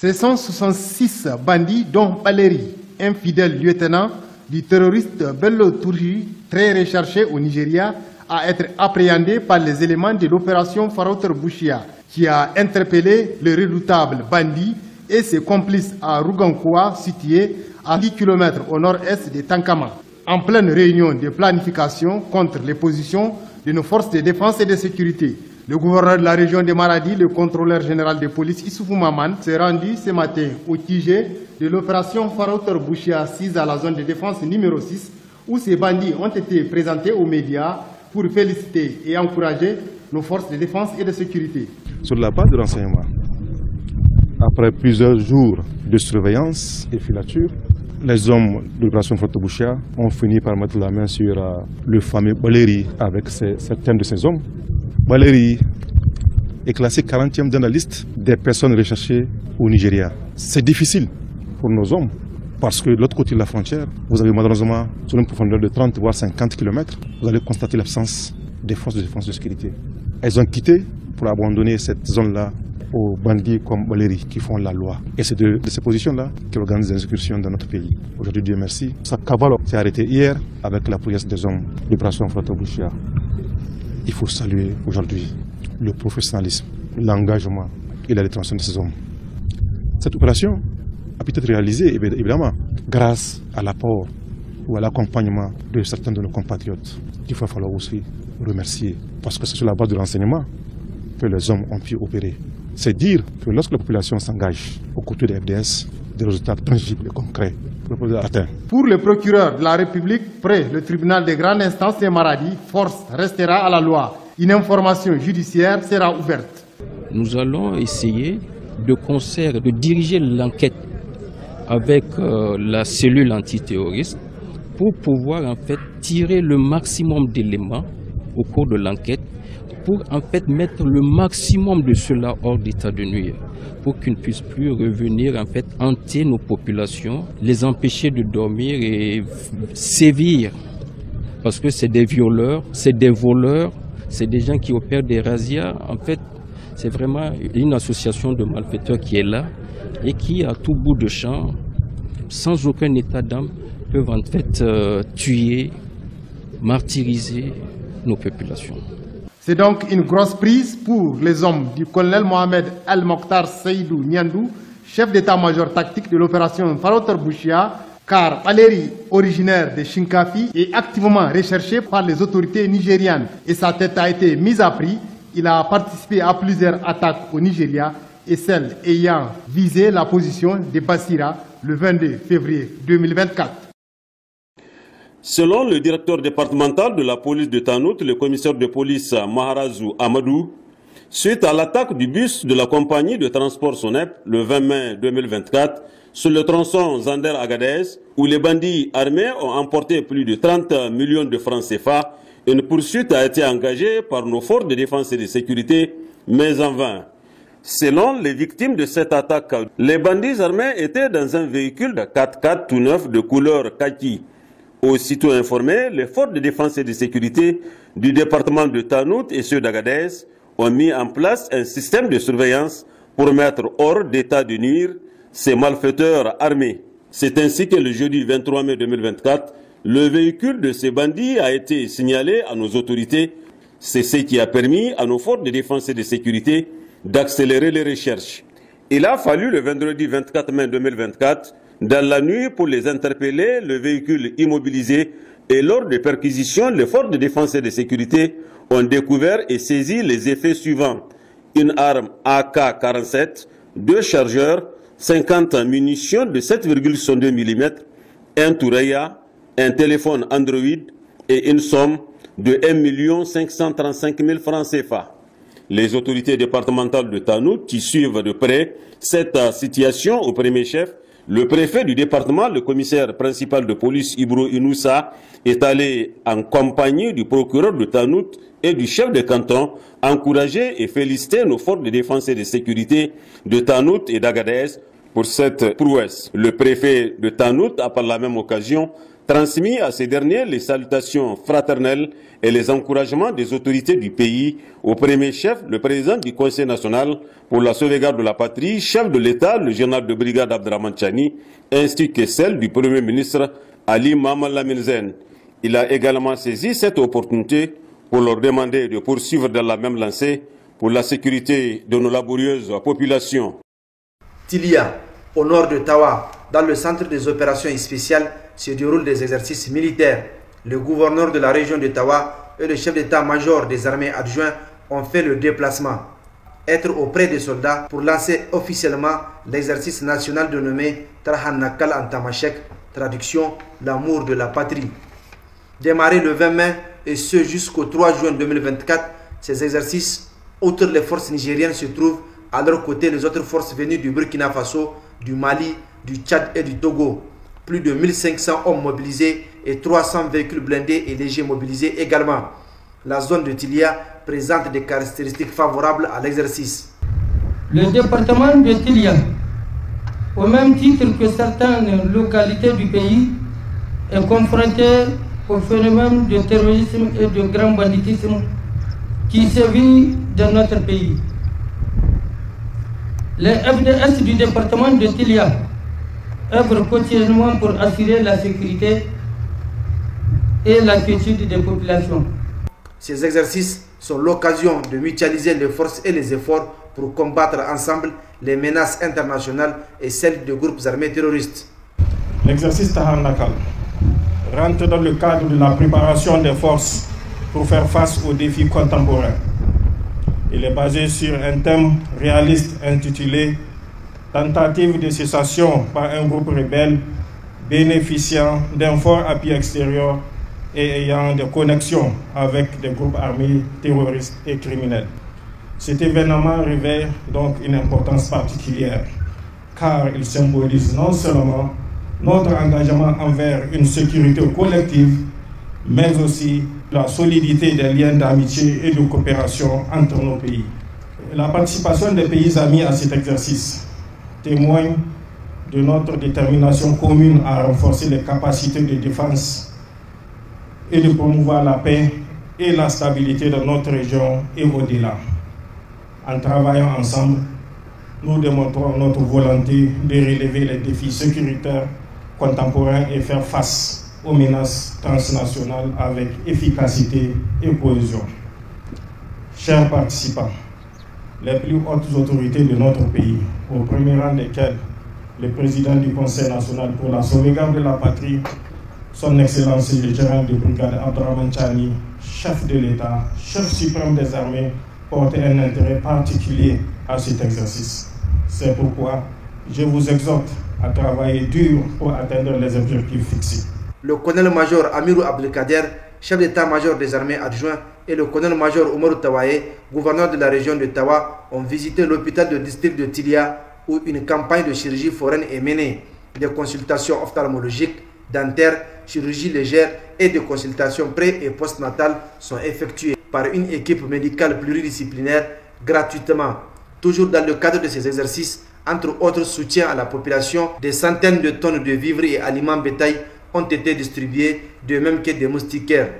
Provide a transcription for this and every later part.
Ces 166 bandits, dont Valérie, infidèle lieutenant du terroriste Bello Tourji, très recherché au Nigeria, à être appréhendé par les éléments de l'opération Farouter Bouchia, qui a interpellé le redoutable bandit et ses complices à Rougankoua, situé à 10 km au nord-est de Tankama, en pleine réunion de planification contre les positions de nos forces de défense et de sécurité. Le gouverneur de la région des Maladies, le contrôleur général de police Issoufou Maman, s'est rendu ce matin au tigé de l'opération Farouk Boucher assise à la zone de défense numéro 6 où ces bandits ont été présentés aux médias pour féliciter et encourager nos forces de défense et de sécurité. Sur la base de renseignement, après plusieurs jours de surveillance et filature, les hommes de l'opération Boucher ont fini par mettre la main sur euh, le fameux Boléry avec certains de ces hommes Valérie est classée 40e dans la liste des personnes recherchées au Nigeria. C'est difficile pour nos hommes parce que de l'autre côté de la frontière, vous avez malheureusement sur une profondeur de 30 voire 50 km, vous allez constater l'absence des forces de défense de sécurité. Elles ont quitté pour abandonner cette zone-là aux bandits comme Valérie qui font la loi. Et c'est de, ces positions-là qu'ils organisent des exécutions dans notre pays. Aujourd'hui, Dieu merci, sa cavale s'est arrêtée hier avec la prière des hommes Libération Brasson Bouchia il faut saluer aujourd'hui le professionnalisme, l'engagement et la détention de ces hommes. Cette opération a pu être réalisée, évidemment, grâce à l'apport ou à l'accompagnement de certains de nos compatriotes qu'il va falloir aussi remercier. Parce que c'est sur la base de l'enseignement que les hommes ont pu opérer. C'est dire que lorsque la population s'engage au côtés des FDS, des résultats tangibles et concrets pour le procureur de la République, près le tribunal de grandes instances et Maradi, force restera à la loi. Une information judiciaire sera ouverte. Nous allons essayer de concert, de diriger l'enquête avec euh, la cellule antiterroriste pour pouvoir en fait tirer le maximum d'éléments au cours de l'enquête pour en fait mettre le maximum de cela hors d'état de nuire, pour qu'ils ne puissent plus revenir en fait hanter nos populations, les empêcher de dormir et sévir. Parce que c'est des violeurs, c'est des voleurs, c'est des gens qui opèrent des razzias. En fait, c'est vraiment une association de malfaiteurs qui est là et qui, à tout bout de champ, sans aucun état d'âme, peuvent en fait euh, tuer, martyriser nos populations. C'est donc une grosse prise pour les hommes du colonel Mohamed Al-Mokhtar Saïdou Niandou, chef d'état-major tactique de l'opération Farotar Bouchia, car Valérie, originaire de Shinkafi, est activement recherché par les autorités nigériennes et sa tête a été mise à prix. Il a participé à plusieurs attaques au Nigeria et celles ayant visé la position de Basira le 22 février 2024. Selon le directeur départemental de la police de Tanout, le commissaire de police Maharazu Amadou, suite à l'attaque du bus de la compagnie de transport Sonep le 20 mai 2024 sur le tronçon Zander-Agadez, où les bandits armés ont emporté plus de 30 millions de francs CFA, une poursuite a été engagée par nos forces de défense et de sécurité, mais en vain. Selon les victimes de cette attaque, les bandits armés étaient dans un véhicule de 4x4 tout neuf de couleur kaki. Aussitôt informés, les forces de défense et de sécurité du département de Tanout et ceux d'Agadez ont mis en place un système de surveillance pour mettre hors d'état de nuire ces malfaiteurs armés. C'est ainsi que le jeudi 23 mai 2024, le véhicule de ces bandits a été signalé à nos autorités. C'est ce qui a permis à nos forces de défense et de sécurité d'accélérer les recherches. Il a fallu le vendredi 24 mai 2024 dans la nuit pour les interpeller, le véhicule immobilisé et lors des perquisitions, les forces de défense et de sécurité ont découvert et saisi les effets suivants. Une arme AK-47, deux chargeurs, 50 munitions de 7,62 mm, un touraya, un téléphone Android et une somme de 1 535 000 francs CFA. Les autorités départementales de Tanou, qui suivent de près cette situation au premier chef, le préfet du département, le commissaire principal de police Ibro Inoussa, est allé en compagnie du procureur de Tanout et du chef de canton encourager et féliciter nos forces de défense et de sécurité de Tanout et d'Agadez pour cette prouesse. Le préfet de Tanout a par la même occasion transmis à ces derniers les salutations fraternelles et les encouragements des autorités du pays, au premier chef, le président du Conseil national pour la sauvegarde de la patrie, chef de l'État, le général de brigade Abdraman Chani, ainsi que celle du Premier ministre Ali Mamal Il a également saisi cette opportunité pour leur demander de poursuivre dans la même lancée pour la sécurité de nos laborieuses populations. Tilia, au nord de Tawa, dans le centre des opérations spéciales se déroulent des exercices militaires. Le gouverneur de la région de Tawa et le chef d'état-major des armées adjoints ont fait le déplacement. Être auprès des soldats pour lancer officiellement l'exercice national dénommé Nakal Antamachek, traduction L'amour de la patrie. Démarré le 20 mai et ce jusqu'au 3 juin 2024, ces exercices, outre les forces nigériennes, se trouvent à leur côté les autres forces venues du Burkina Faso, du Mali, du Tchad et du Togo. Plus de 1500 hommes mobilisés et 300 véhicules blindés et légers mobilisés également. La zone de Tilia présente des caractéristiques favorables à l'exercice. Le département de Tilia, au même titre que certaines localités du pays, est confronté au phénomène de terrorisme et de grand banditisme qui sévit dans notre pays. Les FDS du département de Tilia œuvrent quotidiennement pour assurer la sécurité et la des populations. Ces exercices sont l'occasion de mutualiser les forces et les efforts pour combattre ensemble les menaces internationales et celles de groupes armés terroristes. L'exercice Tahar rentre dans le cadre de la préparation des forces pour faire face aux défis contemporains. Il est basé sur un thème réaliste intitulé Tentative de cessation par un groupe rebelle bénéficiant d'un fort appui extérieur et ayant des connexions avec des groupes armés terroristes et criminels. Cet événement révèle donc une importance particulière, car il symbolise non seulement notre engagement envers une sécurité collective, mais aussi la solidité des liens d'amitié et de coopération entre nos pays. La participation des pays amis à cet exercice témoigne de notre détermination commune à renforcer les capacités de défense et de promouvoir la paix et la stabilité dans notre région et au-delà. En travaillant ensemble, nous démontrons notre volonté de relever les défis sécuritaires contemporains et faire face aux menaces transnationales avec efficacité et cohésion. Chers participants, les plus hautes autorités de notre pays, au premier rang desquelles le président du Conseil national pour la sauvegarde de la patrie, son Excellence le général de brigade Abdraman Chani, chef de l'État, chef suprême des armées, porte un intérêt particulier à cet exercice. C'est pourquoi je vous exhorte à travailler dur pour atteindre les objectifs fixés le colonel-major Amirou Abdelkader, chef d'état-major des armées adjoints, et le colonel-major Omar Tawaye, gouverneur de la région de Tawa, ont visité l'hôpital de district de Tilia où une campagne de chirurgie foraine est menée, des consultations ophtalmologiques, dentaires, chirurgie légère et des consultations pré- et postnatales sont effectuées par une équipe médicale pluridisciplinaire gratuitement. Toujours dans le cadre de ces exercices, entre autres soutien à la population, des centaines de tonnes de vivres et aliments bétail ont été distribués, de même que des moustiquaires.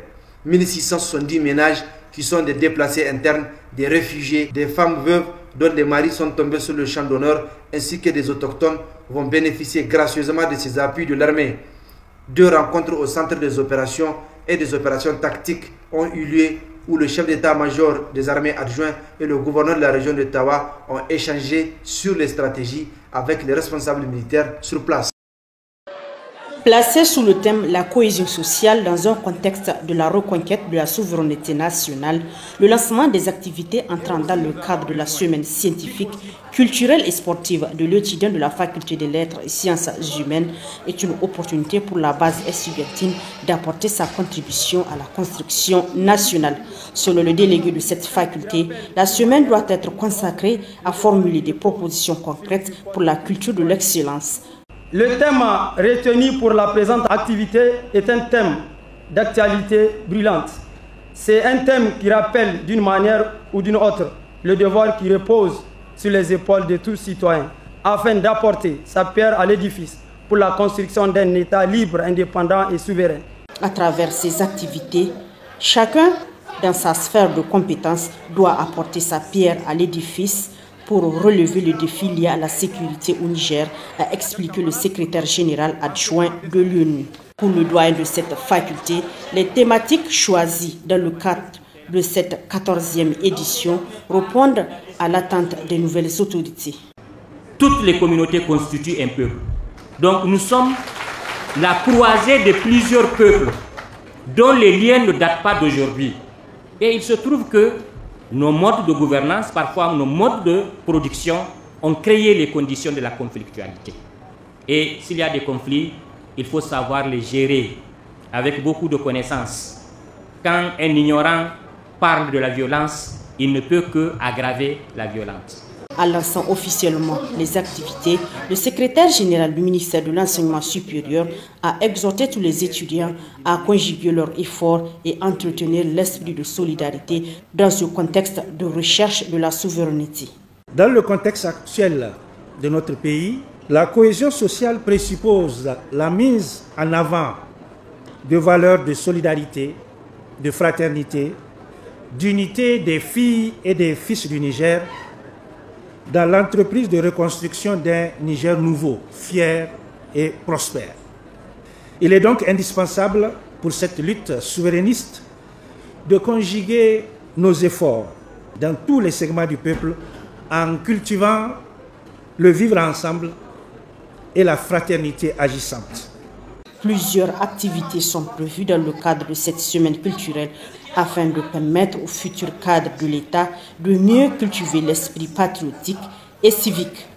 1670 ménages qui sont des déplacés internes, des réfugiés, des femmes veuves dont les maris sont tombés sur le champ d'honneur, ainsi que des autochtones vont bénéficier gracieusement de ces appuis de l'armée. Deux rencontres au centre des opérations et des opérations tactiques ont eu lieu où le chef d'état-major des armées adjoints et le gouverneur de la région de Tawa ont échangé sur les stratégies avec les responsables militaires sur place placé sous le thème La cohésion sociale dans un contexte de la reconquête de la souveraineté nationale, le lancement des activités entrant dans le cadre de la semaine scientifique, culturelle et sportive de l'étudiant de la faculté des lettres et sciences humaines est une opportunité pour la base estudiantine d'apporter sa contribution à la construction nationale. Selon le délégué de cette faculté, la semaine doit être consacrée à formuler des propositions concrètes pour la culture de l'excellence le thème retenu pour la présente activité est un thème d'actualité brûlante. C'est un thème qui rappelle d'une manière ou d'une autre le devoir qui repose sur les épaules de tous citoyens afin d'apporter sa pierre à l'édifice pour la construction d'un État libre, indépendant et souverain. À travers ces activités, chacun, dans sa sphère de compétences, doit apporter sa pierre à l'édifice pour relever le défi lié à la sécurité au Niger, a expliqué le secrétaire général adjoint de l'ONU. Pour le doyen de cette faculté, les thématiques choisies dans le cadre de cette 14e édition répondent à l'attente des nouvelles autorités. Toutes les communautés constituent un peuple. Donc nous sommes la croisée de plusieurs peuples dont les liens ne datent pas d'aujourd'hui. Et il se trouve que nos modes de gouvernance, parfois nos modes de production, ont créé les conditions de la conflictualité. Et s'il y a des conflits, il faut savoir les gérer avec beaucoup de connaissances. Quand un ignorant parle de la violence, il ne peut que aggraver la violence en lançant officiellement les activités, le secrétaire général du ministère de l'Enseignement supérieur a exhorté tous les étudiants à conjuguer leurs efforts et entretenir l'esprit de solidarité dans ce contexte de recherche de la souveraineté. Dans le contexte actuel de notre pays, la cohésion sociale présuppose la mise en avant de valeurs de solidarité, de fraternité, d'unité des filles et des fils du Niger dans l'entreprise de reconstruction d'un Niger nouveau, fier et prospère. Il est donc indispensable pour cette lutte souverainiste de conjuguer nos efforts dans tous les segments du peuple en cultivant le vivre ensemble et la fraternité agissante. Plusieurs activités sont prévues dans le cadre de cette semaine culturelle afin de permettre au futur cadre de l'État de mieux cultiver l'esprit patriotique et civique.